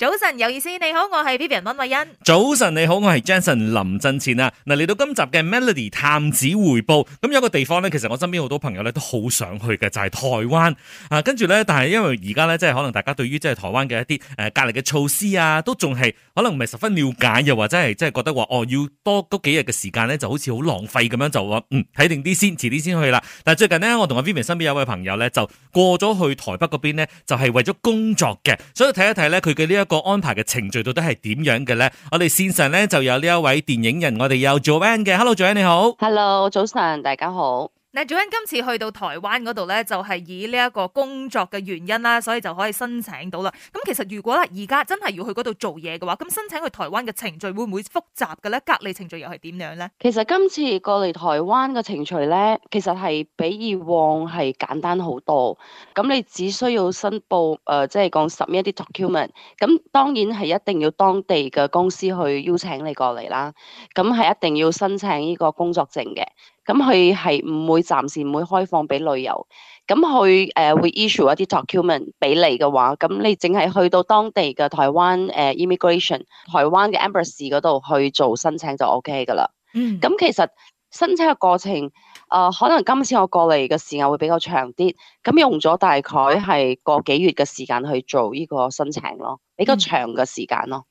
早晨有意思，你好，我係 Vivian 溫慧欣。早晨你好，我係 Jenson 林振前啊。嗱，嚟到今集嘅 Melody 探子回報，咁、嗯、有一個地方咧，其實我身邊好多朋友咧都好想去嘅，就係、是、台灣啊。跟住咧，但係因為而家咧，即係可能大家對於即係台灣嘅一啲誒、呃、隔離嘅措施啊，都仲係可能唔係十分了解，又或者係即係覺得話哦，要多多幾日嘅時間咧，就好似好浪費咁樣就，就話嗯睇定啲先，遲啲先去啦。但係最近呢，我同 Vivian 身邊有位朋友咧，就過咗去台北嗰邊呢，就係、是、為咗工作嘅，所以睇一睇咧，佢嘅呢一個安排嘅程序到底係點樣嘅呢？我哋綫上呢就有呢一位電影人，我哋有 Joanne 嘅，Hello Joanne 你好，Hello 早晨，大家好。李主任今次去到台灣嗰度咧，就係、是、以呢一個工作嘅原因啦，所以就可以申請到啦。咁其實如果咧而家真係要去嗰度做嘢嘅話，咁申請去台灣嘅程序會唔會複雜嘅咧？隔離程序又係點樣咧？其實今次過嚟台灣嘅程序咧，其實係比以往係簡單好多。咁你只需要申報誒、呃，即係講 submit 一啲 document。咁當然係一定要當地嘅公司去邀請你過嚟啦。咁係一定要申請呢個工作證嘅。咁佢係唔會暫時唔會開放俾旅遊。咁佢誒會 issue 一啲 document 俾你嘅話，咁你淨係去到當地嘅台灣誒、呃、immigration、台灣嘅 ambassador 嗰度去做申請就 OK 噶啦。嗯。咁其實申請嘅過程，誒、呃、可能今次我過嚟嘅時間會比較長啲，咁用咗大概係個幾月嘅時間去做呢個申請咯，比較長嘅時間咯。嗯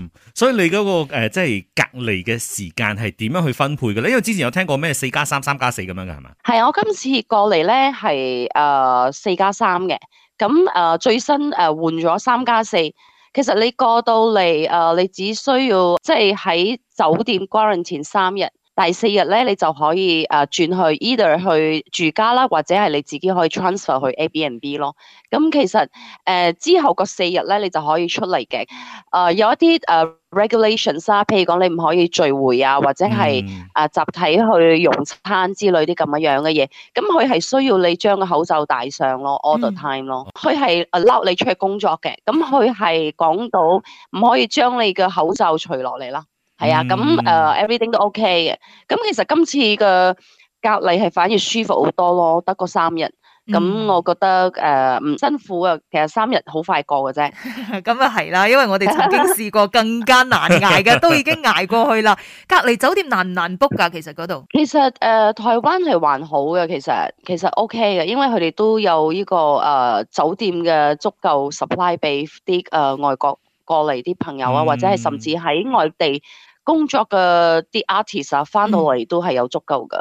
嗯、所以你嗰、嗰個誒、呃，即係隔離嘅時間係點樣去分配嘅咧？因為之前有聽過咩四加三、三加四咁樣嘅係嘛？係啊， 嗯、我今次過嚟咧係誒四加三嘅，咁誒最新誒換咗三加四。4，其實你過到嚟誒，你只需要即係喺酒店 quarantine 前三日。第四日咧，你就可以誒、呃、轉去 either 去住家啦，或者係你自己可以 transfer 去 A B and B 咯。咁、嗯、其實誒、呃、之後個四日咧，你就可以出嚟嘅。誒、呃、有一啲誒、呃、regulations 啦、啊，譬如講你唔可以聚會啊，或者係誒、呃、集體去用餐之類啲咁樣樣嘅嘢。咁佢係需要你將個口罩戴上咯，all the time 咯。佢係誒 allow 你出去工作嘅，咁佢係講到唔可以將你嘅口罩除落嚟啦。係啊，咁誒，everything 都 OK 嘅。咁其實今次嘅隔離係反而舒服好多咯，得嗰三日。咁我覺得誒唔辛苦啊。其實三日好快過嘅啫。咁啊係啦，因為我哋曾經試過更加難捱嘅，都已經捱過去啦。隔離酒店難唔難 book 㗎？其實嗰度。其實誒，台灣係還好嘅，其實其實 OK 嘅，因為佢哋都有呢個誒酒店嘅足夠 supply 俾啲誒外國過嚟啲朋友啊，或者係甚至喺外地。工作嘅啲 artist 啊，翻到嚟都係有足夠嘅，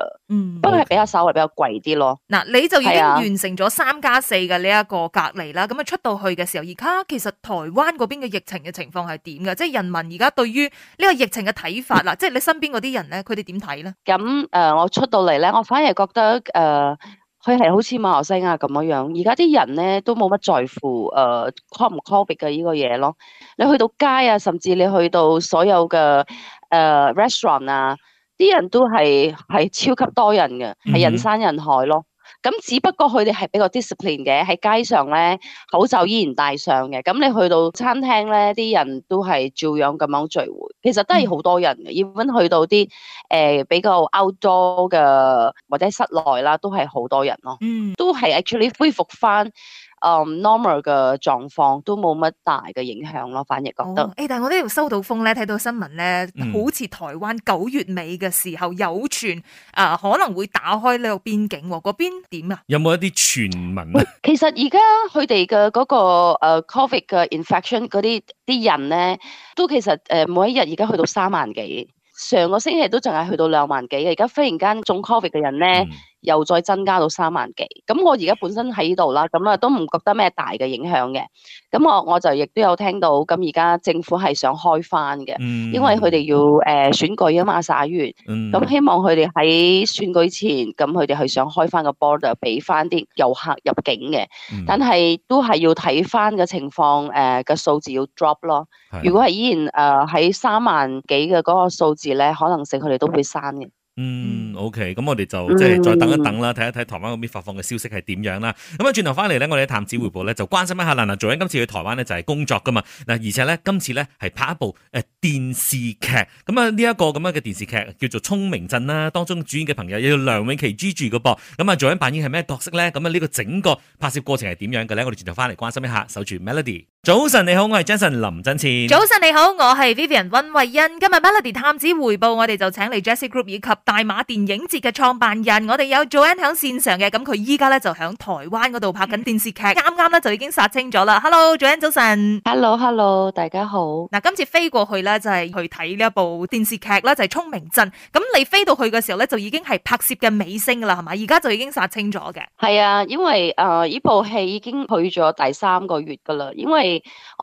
不過係比較稍微比較貴啲咯。嗱、嗯，你就已經完成咗三加四嘅呢一個隔離啦。咁啊，出到去嘅時候，而家其實台灣嗰邊嘅疫情嘅情況係點嘅？即係人民而家對於呢個疫情嘅睇法啦，即係你身邊嗰啲人咧，佢哋點睇咧？咁誒、嗯呃，我出到嚟咧，我反而覺得誒，佢、呃、係好似馬來西亞咁樣樣，而家啲人咧都冇乜在乎誒 COVID 唔 COVID 嘅呢個嘢咯。你去到街啊，甚至你去到所有嘅。誒 restaurant 啊，啲人都係係超級多人嘅，係人山人海咯。咁只不過佢哋係比較 discipline 嘅，喺街上咧，口罩依然戴上嘅。咁你去到餐廳咧，啲人都係照樣咁樣聚會。其實都係好多人嘅。原本去到啲誒比較 outdoor 嘅或者室內啦，都係好多人咯。嗯，都係 actually 恢復翻。誒、um, normal 嘅狀況都冇乜大嘅影響咯，反而覺得。誒、哦欸，但係我呢度收到風咧，睇到新聞咧，好似台灣九月尾嘅時候、嗯、有傳誒、呃、可能會打開呢個邊境喎，嗰邊點啊？有冇一啲傳聞？其實而家佢哋嘅嗰個、uh, covid 嘅 infection 嗰啲啲人咧，都其實誒每一日而家去到三萬幾，上個星期都淨係去到兩萬幾嘅，而家忽然間中 covid 嘅人咧。嗯又再增加到三萬幾，咁我而家本身喺度啦，咁啊都唔覺得咩大嘅影響嘅。咁我我就亦都有聽到，咁而家政府係想開翻嘅，嗯、因為佢哋要誒、呃、選舉啊嘛，曬完，咁、嗯、希望佢哋喺選舉前，咁佢哋係想開翻個 border，就俾翻啲遊客入境嘅。嗯、但係都係要睇翻個情況，誒個數字要 drop 咯。的如果係依然誒喺三萬幾嘅嗰個數字咧，可能性佢哋都會刪嘅。嗯，OK，咁我哋就即係再等一等啦，睇一睇台灣嗰邊發放嘅消息係點樣啦。咁啊，轉頭翻嚟呢，我哋喺探子回報呢，就關心一下。嗱，嗱，做緊今次去台灣呢，就係、是、工作噶嘛。嗱，而且呢，今次呢，係拍一部誒、呃、電視劇。咁啊，呢一個咁樣嘅電視劇叫做《聰明鎮》啦，當中主演嘅朋友有梁詠琪 Gigi 嗰個噃。咁啊，做緊扮演係咩角色呢？咁啊，呢個整個拍攝過程係點樣嘅呢？我哋轉頭翻嚟關心一下，守住 Melody。早晨你好，我係 Jason 林振千。早晨你好，我係 Vivian 溫慧欣。今日 Melody 探子回報，我哋就請嚟 Jesse Group 以及大馬電影節嘅創辦人。我哋有 Joanne 響線上嘅，咁佢依家咧就響台灣嗰度拍緊電視劇，啱啱咧就已經殺青咗啦。Hello，Joanne 早晨。Hello，Hello，hello，大家好。嗱，今次飛過去咧就係去睇呢一部電視劇啦，就係、是《聰明鎮》。咁你飛到去嘅時候咧，就已經係拍攝嘅尾聲啦，係嘛？而家就已經殺青咗嘅。係啊，因為誒呢、呃、部戲已經去咗第三個月噶啦，因為。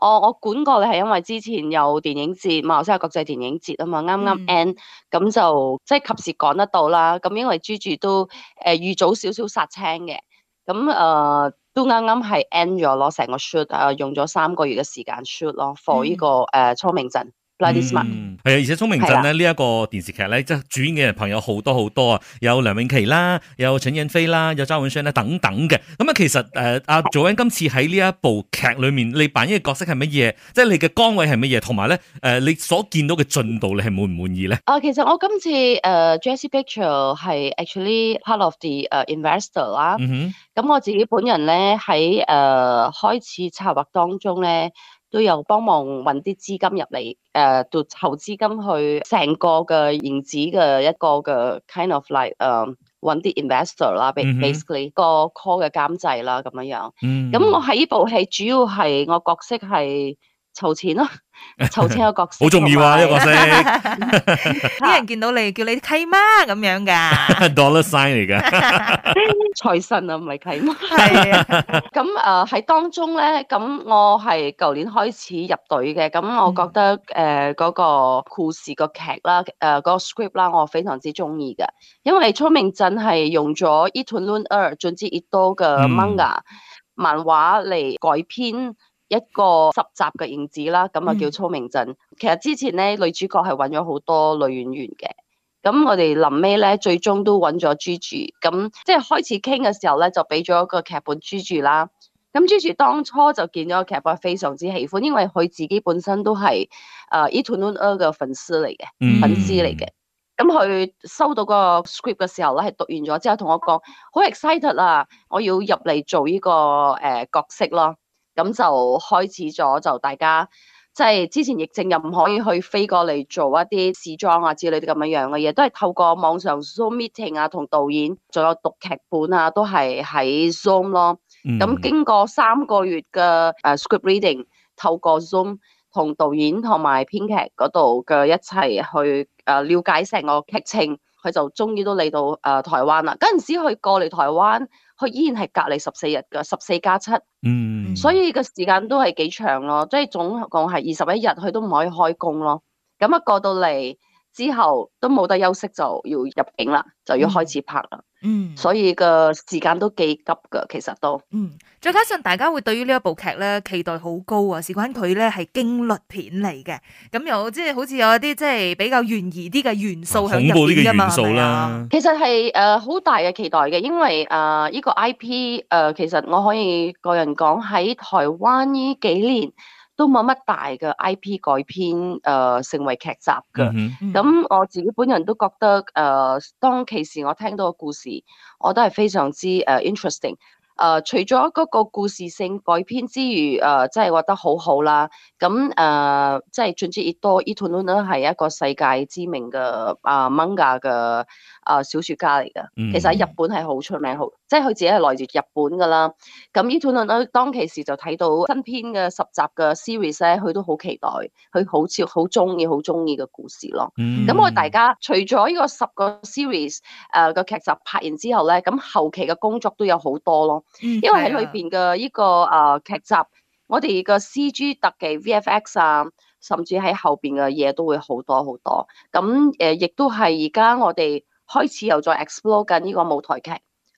我我管過你係因為之前有電影節，馬來西亞國際電影節啊嘛，啱啱 end 咁、嗯、就即係及時講得到啦。咁因為 Gigi 都誒預、呃、早少少殺青嘅、咁、嗯、誒、呃、都啱啱係 end 咗，咯成個 shoot 啊、呃，用咗三個月嘅時間 shoot 咯、嗯、，for 呢、這個誒聰、呃、明陣。係啊、嗯，而且聰明鎮咧呢一個電視劇咧，即係是的 主演嘅人朋友好多好多啊，有梁詠琪啦，有陳燕飛啦，有周永湘啦等等嘅。咁啊，其實誒，阿祖恩今次喺呢一部劇裏面，你扮演嘅角色係乜嘢？即係你嘅崗位係乜嘢？同埋咧，誒、呃，你所見到嘅進度你係滿唔滿意咧？啊、呃，其實我今次誒、呃、，Jesse Picture 係 actually part of the、uh, investor 啦、嗯哼。咁我自己本人咧喺誒開始策劃當中咧。都有幫忙搵啲資金入嚟，誒、呃，就籌資金去成個嘅融資嘅一個嘅 kind of like，誒、um,，搵啲 investor 啦，basically、mm hmm. 個 call 嘅監製啦，咁樣樣。咁、mm hmm. 我喺呢部戲主要係我角色係。籌錢咯，籌錢個角色好 重要啊！呢個角色，啲 人見到你叫你契媽咁樣噶，dollar sign 嚟噶財神啊，唔係契媽。係 啊， 咁啊喺當中咧，咁、呃、我係舊年開始入隊嘅，咁我覺得誒嗰、呃那個故事個劇啦，誒、呃那個 script 啦，我非常之中意嘅，因為聰明鎮係用咗 Eternal Ear 甚至 Eto 嘅漫畫嚟改編。一個十集嘅影子啦，咁啊叫聰明鎮。嗯、其實之前咧，女主角係揾咗好多女演員嘅，咁我哋臨尾咧最終都揾咗 Gigi 咁即係開始傾嘅時候咧，就俾咗一個劇本 Gigi 啦。咁 Gigi 當初就見咗個劇本，非常之喜歡，因為佢自己本身都係誒 Ethan Hawke 嘅粉絲嚟嘅，嗯、粉絲嚟嘅。咁佢收到個 script 嘅時候咧，係讀完咗之後同我講：好 excited 啊！我要入嚟做呢個誒、呃、角色咯。咁就開始咗，就大家即係、就是、之前疫症又唔可以去飛過嚟做一啲試裝啊之類啲咁樣樣嘅嘢，都係透過網上 Zoom meeting 啊，同導演，仲有讀劇本啊，都係喺 Zoom 咯。咁、嗯、經過三個月嘅誒 script reading，透過 Zoom 同導演同埋編劇嗰度嘅一齊去誒了解成個劇情，佢就終於都嚟到誒台灣啦。嗰陣時佢過嚟台灣。佢依然係隔離十四日嘅十四加七，7，嗯，所以個時間都係幾長咯，即係總共係二十一日，佢都唔可以開工咯。咁啊過到嚟，之後都冇得休息，就要入鏡啦，就要開始拍啦。嗯，所以個時間都幾急噶，其實都。嗯，再加上大家會對於呢一部劇咧期待好高啊，事關佢咧係驚慄片嚟嘅，咁又即係好似有一啲即係比較懸疑啲嘅元素喺入面嘛，恐怖啲嘅元素啦。吧其實係誒好大嘅期待嘅，因為誒呢、呃這個 I P 誒、呃、其實我可以個人講喺台灣呢幾年。都冇乜大嘅 IP 改編誒、呃、成為劇集嘅。咁、mm hmm. mm hmm. 我自己本人都覺得，誒、呃、當其時我聽到個故事，我都係非常之誒、uh, interesting。誒、呃、除咗嗰個故事性改編之餘，誒、呃、真係畫得好好啦。咁誒即係總之，伊多伊藤潤都係一個世界知名嘅啊漫畫嘅啊小説家嚟嘅。其實喺日本係好出名，好即係佢自己係來自日本噶啦。咁伊藤潤當其時就睇到新編嘅十集嘅 series 咧，佢都好期待，佢好似好中意好中意嘅故事咯。咁、mm hmm. 我哋大家除咗呢個十個 series 誒、呃、嘅劇集，集拍完之後咧，咁後期嘅工作都有好多咯。因為喺裏邊嘅呢個誒劇、呃、集，我哋嘅 C G 特技 V F X 啊，甚至喺後邊嘅嘢都會好多好多。咁誒，亦、呃、都係而家我哋開始又再 explore 緊呢個舞台劇，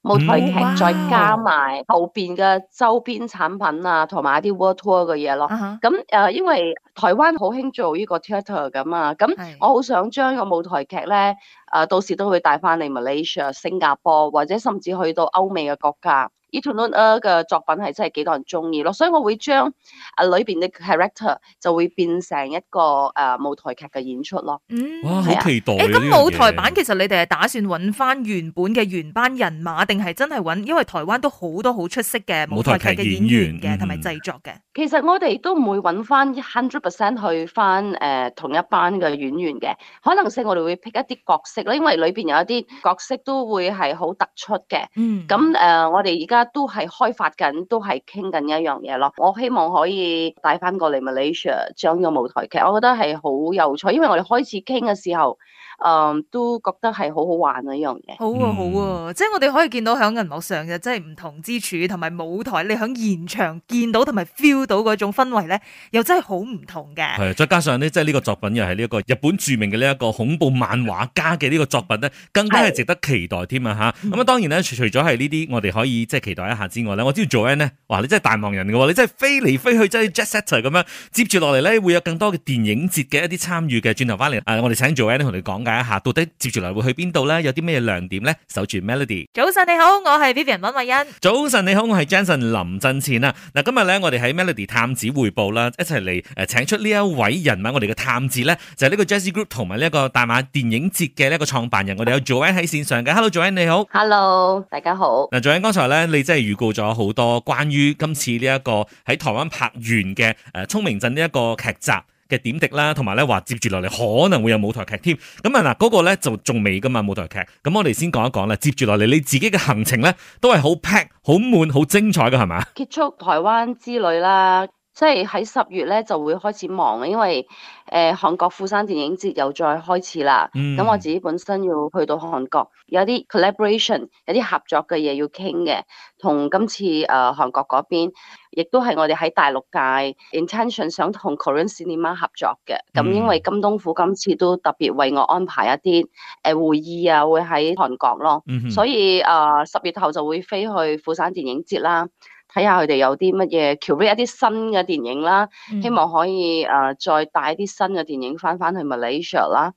舞台劇再加埋後邊嘅周邊產品啊，同埋一啲 world tour 嘅嘢咯。咁誒、uh huh. 嗯呃，因為台灣好興做呢個 theatre 咁嘛，咁、嗯 uh huh. 我好想將個舞台劇咧，誒、呃，到時都會帶翻嚟 Malaysia、新加坡，或者甚至去到歐美嘅國家。Eternal Love 嘅作品係真係幾多人中意咯，所以我會將啊裏邊嘅 character 就會變成一個誒舞台劇嘅演出咯。嗯，哇，好期待、啊！誒、啊、咁、欸、舞台版其實你哋係打算揾翻原本嘅原班人馬，定係真係揾？因為台灣都好多好出色嘅舞台劇嘅演員嘅，同埋製作嘅。其實我哋都唔會揾翻一 hundred percent 去翻誒、呃、同一班嘅演員嘅，可能性我哋會 pick 一啲角色咯，因為裏邊有一啲角色都會係好突出嘅。嗯，咁誒、嗯、我哋而家。都係開發緊，都係傾緊一樣嘢咯。我希望可以帶翻過嚟 Malaysia 將個舞台劇。其實我覺得係好有趣，因為我哋開始傾嘅時候，誒、嗯、都覺得係好好玩一樣嘢。好啊，好啊，即係我哋可以見到喺銀幕上嘅真係唔同之處，同埋舞台你喺現場見到同埋 feel 到嗰種氛圍咧，又真係好唔同嘅。係，再加上咧，即係呢個作品又係呢一個日本著名嘅呢一個恐怖漫畫家嘅呢個作品咧，更加係值得期待添、哎、啊！吓，咁啊當然咧，除除咗係呢啲，我哋可以即係。期待一下之外咧，我知道 Joanne 咧，哇！你真係大忙人嘅喎，你真係飛嚟飛去，真係 jet setter 咁樣。接住落嚟咧，會有更多嘅電影節嘅一啲參與嘅。轉頭翻嚟，啊、呃，我哋請 Joanne 同你講解一下，到底接住嚟會去邊度咧？有啲咩亮點咧？守住 Melody。早晨你好，我係 Vivian 文慧欣。早晨你好，我係 Jason 林振前啊。嗱，今日咧我哋喺 Melody 探子匯報啦，一齊嚟誒，請出呢一位人物，我哋嘅探子咧就係、是、呢個 Jazz Group 同埋呢一個大馬電影節嘅呢一個創辦人，我哋有 Joanne 喺線上嘅。Hello，Joanne 你好。Hello，大家好。嗱，Joanne 剛才咧即係預告咗好多關於今次呢一個喺台灣拍完嘅誒聰明鎮呢一個劇集嘅點滴啦，同埋咧話接住落嚟可能會有舞台劇添。咁啊嗱，嗰個咧就仲未噶嘛舞台劇。咁我哋先講一講啦。接住落嚟你自己嘅行程咧都係好 pack、好滿、好精彩噶係咪？結束台灣之旅啦。即係喺十月咧就會開始忙嘅，因為誒韓、呃、國釜山電影節又再開始啦。咁、嗯、我自己本身要去到韓國，有啲 collaboration 有啲合作嘅嘢要傾嘅，同今次誒韓、呃、國嗰邊，亦都係我哋喺大陸界 intention 想同 Korean cinema 合作嘅。咁、嗯、因為金東虎今次都特別為我安排一啲誒會議啊，會喺韓國咯。嗯、哼所以誒十、呃、月頭就會飛去釜山電影節啦。睇下佢哋有啲乜嘢，調入一啲新嘅電影啦，嗯、希望可以誒、呃、再帶啲新嘅電影翻翻去 Malaysia 啦。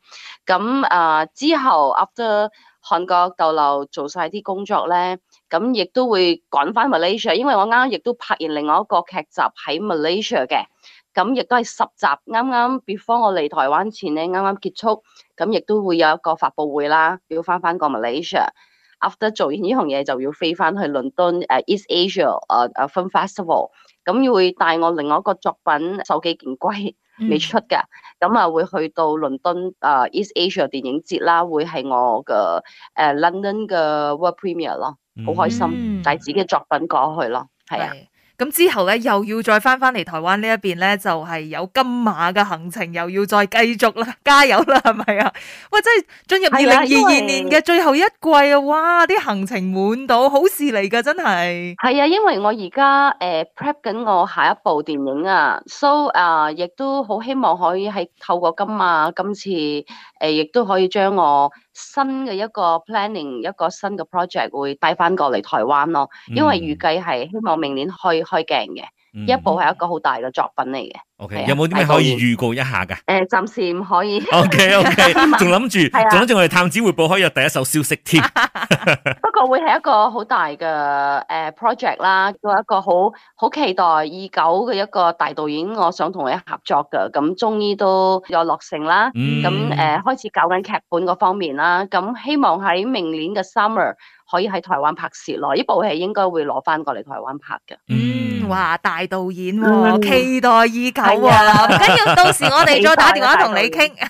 咁誒、呃、之後 after 韓國逗留做晒啲工作咧，咁亦都會趕翻 Malaysia，因為我啱啱亦都拍完另外一個劇集喺 Malaysia 嘅，咁亦都係十集，啱啱 before 我嚟台灣前咧啱啱結束，咁亦都會有一個發布會啦，要翻翻個 Malaysia。after 做完呢行嘢就要飛返去倫敦誒、uh, East Asia 誒、uh, 誒 Film Festival，咁會帶我另外一個作品手機見櫃未出㗎，咁啊、嗯、會去到倫敦誒、uh, East Asia 電影節啦，會係我嘅誒、uh, London 嘅 World Premiere 咯，好開心、嗯、帶自己嘅作品過去咯，係啊。咁之後咧，又要再翻翻嚟台灣呢一邊咧，就係、是、有金馬嘅行程，又要再繼續啦，加油啦，係咪啊？喂，真係進入二零二二年嘅最後一季啊一季！哇，啲行程滿到，好事嚟嘅真係。係啊，因為我而家誒 prep 緊我下一部電影啊，so 啊，亦、呃、都好希望可以喺透過金馬、啊、今次誒亦都可以將我新嘅一個 planning 一個新嘅 project 會帶翻過嚟台灣咯，因為預計係希望明年去。開鏡嘅一部係一個好大嘅作品嚟嘅。O Okay . K、啊、有冇啲咩可以預告一下噶？誒、呃，暫時唔可以。O K O K，仲諗住，總之 我哋探子會回報有第一手消息添。 不過會係一個好大嘅誒、uh, project 啦，做一個好好期待已久嘅一個大導演，我想同佢合作嘅。咁終於都有落成啦，咁誒、嗯呃、開始搞緊劇本嗰方面啦。咁希望喺明年嘅 summer，可以喺台灣拍攝咯，呢部戲應該會攞翻過嚟台灣拍嘅。嗯，哇，大導演喎、啊，哦、期待已久喎，唔、啊、緊要，到時我哋再打電話同你傾。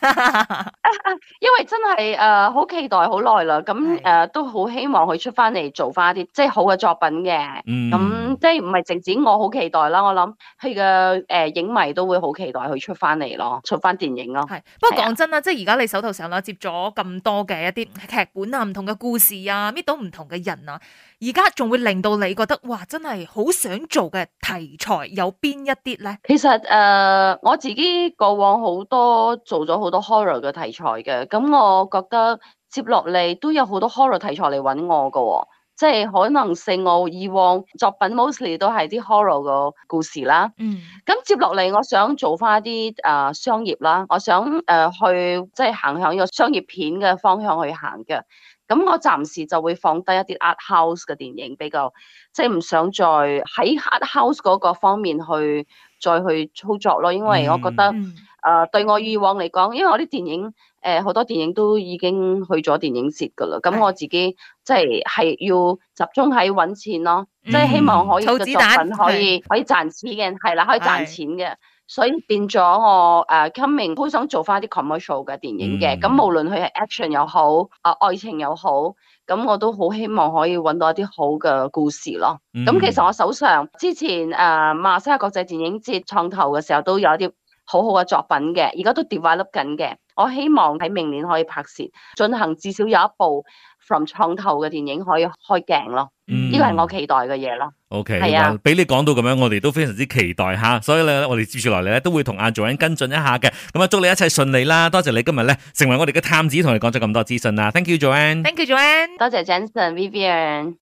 因為真係誒好期待好耐啦，咁誒都好希望佢出翻嚟做翻啲即係好嘅作品嘅。嗯，咁是、呃、即係唔係淨止我好期待啦，我諗佢嘅誒影迷都會好期待佢出翻嚟咯，出翻電影咯。係，不過講真啦，啊、即係而家你手頭上啦接咗咁多嘅一啲劇本啊，唔同嘅故事啊，搣到唔～同嘅人啊，而家仲會令到你覺得哇，真係好想做嘅題材有邊一啲呢？其實誒、呃，我自己過往好多做咗好多 horror 嘅題材嘅，咁我覺得接落嚟都有好多 horror 題材嚟揾我㗎、喎，即係可能性我以往作品 mostly 都係啲 horror 嘅故事啦。嗯，咁接落嚟我想做翻啲誒商業啦，我想誒、呃、去即係行向一個商業片嘅方向去行嘅。咁我暫時就會放低一啲 art house 嘅電影，比較即係唔想再喺 art house 嗰個方面去再去操作咯，因為我覺得誒、嗯呃、對我以往嚟講，因為我啲電影誒好、呃、多電影都已經去咗電影節噶啦，咁我自己是即係係要集中喺揾錢咯，嗯、即係希望可以嘅作品可以可以賺錢嘅，係啦，可以賺錢嘅。所以變咗我誒、uh, coming 好想做翻啲 commercial 嘅電影嘅，咁、mm hmm. 無論佢係 action 又好，啊、uh, 愛情又好，咁我都好希望可以揾到一啲好嘅故事咯。咁、mm hmm. 其實我手上之前誒、uh, 馬來西亞國際電影節創投嘅時候，都有一啲。好好嘅作品嘅，而家都跌埋粒緊嘅。我希望喺明年可以拍攝，進行至少有一部 From 創投嘅電影可以開鏡咯。呢個係我期待嘅嘢咯。OK，係啊，俾你講到咁樣，我哋都非常之期待哈。所以咧，我哋接住落嚟咧都會同阿 Joan 跟進一下嘅。咁啊，祝你一切順利啦！多謝你今日咧成為我哋嘅探子，同你講咗咁多資訊啦。Thank you，Joan。Thank you，Joan。Thank you, 多謝 Johnson，Vivian。